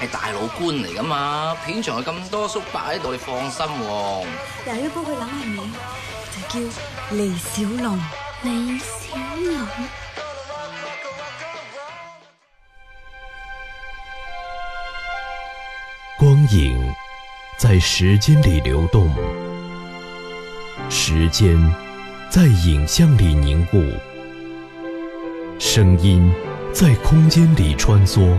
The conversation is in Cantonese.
係大老官嚟噶嘛？片場有咁多叔伯喺度，你放心哦。又要幫佢諗係咩？就叫李小龍。李小龍。光影在時間裏流動，時間在影像裏凝固，聲音在空間裏穿梭。